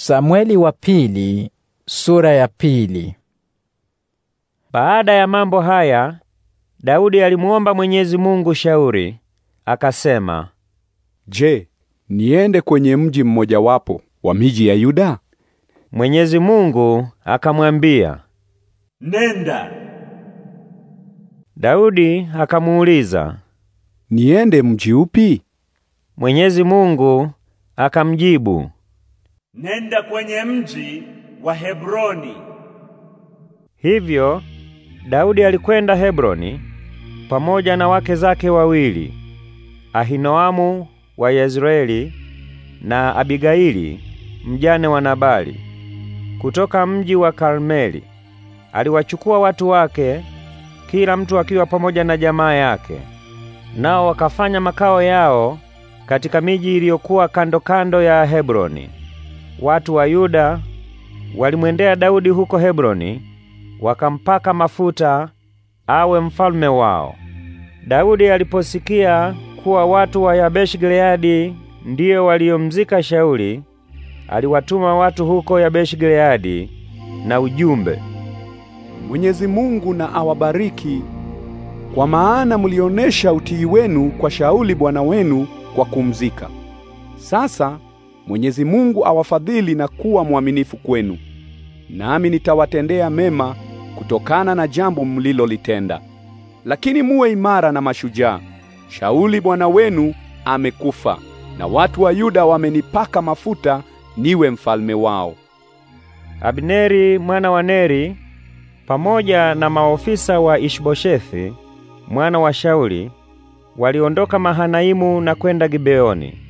Samueli wa pili, sura ya pili. Baada ya mambo haya, Daudi alimuomba Mwenyezi Mungu shauri, akasema, "Je, niende kwenye mji mmoja wapo wa miji ya Yuda?" Mwenyezi Mungu akamwambia, "Nenda." Daudi akamuuliza, "Niende mji upi?" Mwenyezi Mungu akamjibu, nenda kwenye mji wa Hebroni. Hivyo Daudi alikwenda Hebroni pamoja na wake zake wawili, Ahinoamu wa Yezreeli na Abigaili mjane wa Nabali kutoka mji wa Karmeli. Aliwachukua watu wake, kila mtu akiwa pamoja na jamaa yake, nao wakafanya makao yao katika miji iliyokuwa kando kando ya Hebroni watu wa Yuda walimwendea Daudi huko Hebroni, wakampaka mafuta awe mfalme wao. Daudi aliposikia kuwa watu wa Yabeshi Gileadi ndiyo waliomzika Shauli, aliwatuma watu huko Yabeshi Gileadi na ujumbe, Mwenyezi Mungu na awabariki, kwa maana mlionesha utii wenu kwa Shauli bwana wenu kwa kumzika. Sasa Mwenyezi Mungu awafadhili na kuwa mwaminifu kwenu, nami nitawatendea mema kutokana na jambo mlilolitenda. Lakini muwe imara na mashujaa. Shauli bwana wenu amekufa, na watu wa Yuda wamenipaka mafuta niwe mfalme wao. Abneri mwana wa Neri pamoja na maofisa wa Ishboshethi mwana wa Shauli waliondoka Mahanaimu na kwenda Gibeoni.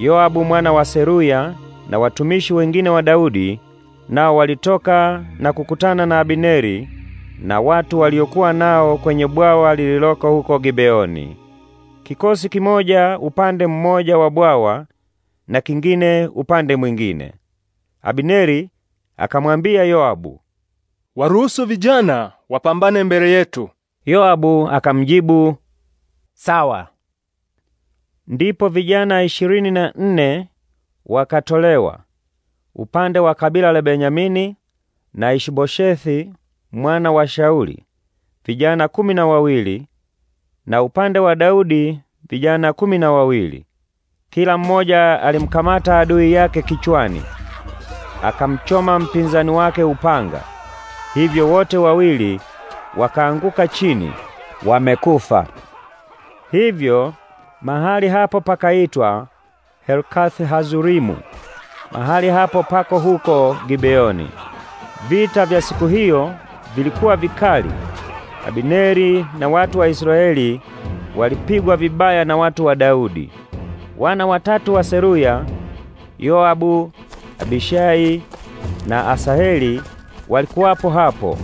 Yoabu mwana wa Seruya na watumishi wengine wa Daudi nao walitoka na kukutana na Abineri na watu waliokuwa nao kwenye bwawa lililoko huko Gibeoni. Kikosi kimoja upande mmoja wa bwawa na kingine upande mwingine. Abineri akamwambia Yoabu, "Waruhusu vijana wapambane mbele yetu." Yoabu akamjibu, "Sawa." Ndipo vijana ishirini na nne wakatolewa upande wa kabila la Benyamini na Ishiboshethi mwana wa Shauli vijana kumi na wawili na upande wa Daudi vijana kumi na wawili. Kila mmoja alimkamata adui yake kichwani, akamchoma mpinzani wake upanga. Hivyo wote wawili wakaanguka chini wamekufa. Hivyo Mahali hapo pakaitwa Helkath Hazurimu. Mahali hapo pako huko Gibeoni. Vita vya siku hiyo vilikuwa vikali. Abineri na watu wa Israeli walipigwa vibaya na watu wa Daudi. Wana watatu wa Seruya, Yoabu, Abishai na Asaheli walikuwapo hapo.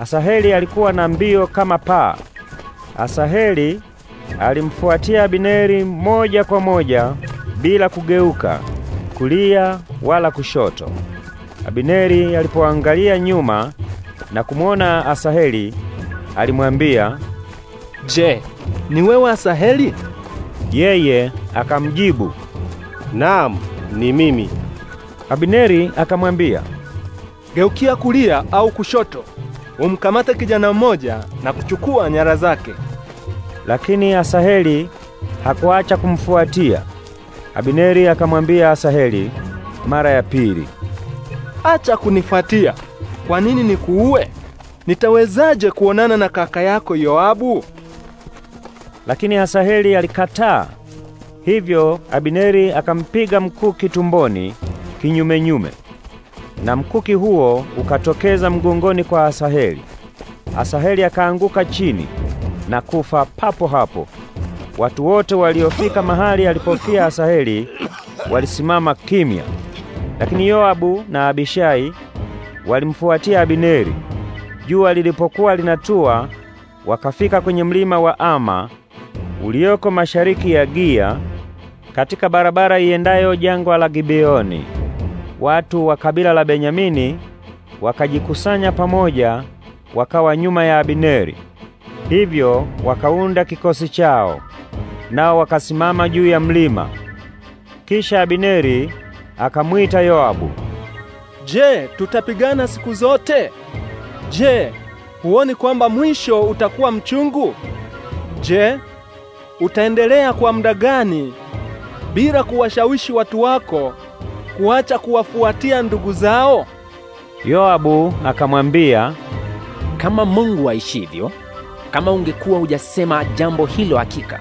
Asaheli alikuwa na mbio kama paa. Asaheli Alimfuatia Abineri moja kwa moja bila kugeuka kulia wala kushoto. Abineri alipoangalia nyuma na kumwona Asaheli, alimwambia, "Je, ni wewe Asaheli?" Yeye akamjibu, "Naam, ni mimi." Abineri akamwambia, "Geukia kulia au kushoto, umkamate kijana mmoja na kuchukua nyara zake." Lakini Asaheli hakuacha kumfuatia. Abineri akamwambia Asaheli mara ya pili, acha kunifuatia. Kwa nini nikuue? Nitawezaje kuonana na kaka yako Yoabu? Lakini Asaheli alikataa. Hivyo Abineri akampiga mkuki tumboni kinyumenyume, na mkuki huo ukatokeza mgongoni kwa Asaheli. Asaheli akaanguka chini na kufa papo hapo. Watu wote waliofika mahali alipofia Asaheli walisimama kimya, lakini Yoabu na Abishai walimfuatia Abineri. Jua lilipokuwa linatua, wakafika kwenye mlima wa Ama ulioko mashariki ya Gia, katika barabara iendayo jangwa la Gibeoni. Watu wa kabila la Benyamini wakajikusanya pamoja, wakawa nyuma ya Abineri. Hivyo wakaunda kikosi chao, nao wakasimama juu ya mlima. Kisha Abineri akamwita Yoabu. Je, tutapigana siku zote? Je, huoni kwamba mwisho utakuwa mchungu? Je, utaendelea kwa muda gani bila kuwashawishi watu wako kuacha kuwafuatia ndugu zao? Yoabu akamwambia, kama Mungu aishivyo kama ungekuwa hujasema jambo hilo, hakika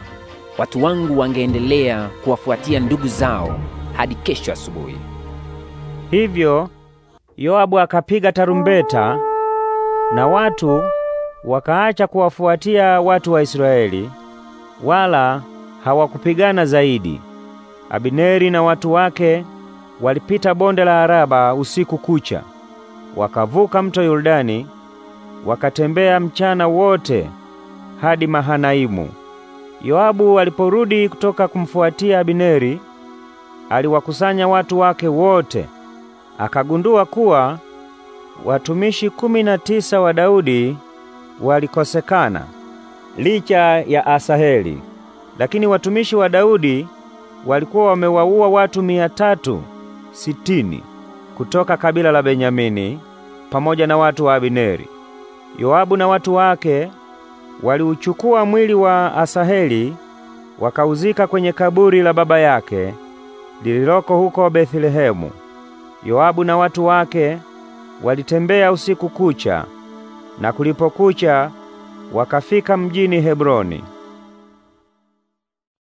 watu wangu wangeendelea kuwafuatia ndugu zao hadi kesho asubuhi. Hivyo Yoabu akapiga tarumbeta na watu wakaacha kuwafuatia watu wa Israeli, wala hawakupigana zaidi. Abineri na watu wake walipita bonde la Araba usiku kucha, wakavuka mto Yordani, wakatembea mchana wote hadi Mahanaimu. Yoabu aliporudi kutoka kumfuatia Abineri, aliwakusanya watu wake wote, akagundua kuwa watumishi kumi na tisa wa Daudi walikosekana licha ya Asaheli, lakini watumishi wa Daudi walikuwa wamewaua watu mia tatu sitini kutoka kabila la Benyamini pamoja na watu wa Abineri. Yoabu na watu wake Waliuchukua mwili wa Asaheli wakauzika kwenye kaburi la baba yake lililoko huko Bethlehemu. Yoabu na watu wake walitembea usiku kucha na kulipokucha wakafika mjini Hebroni.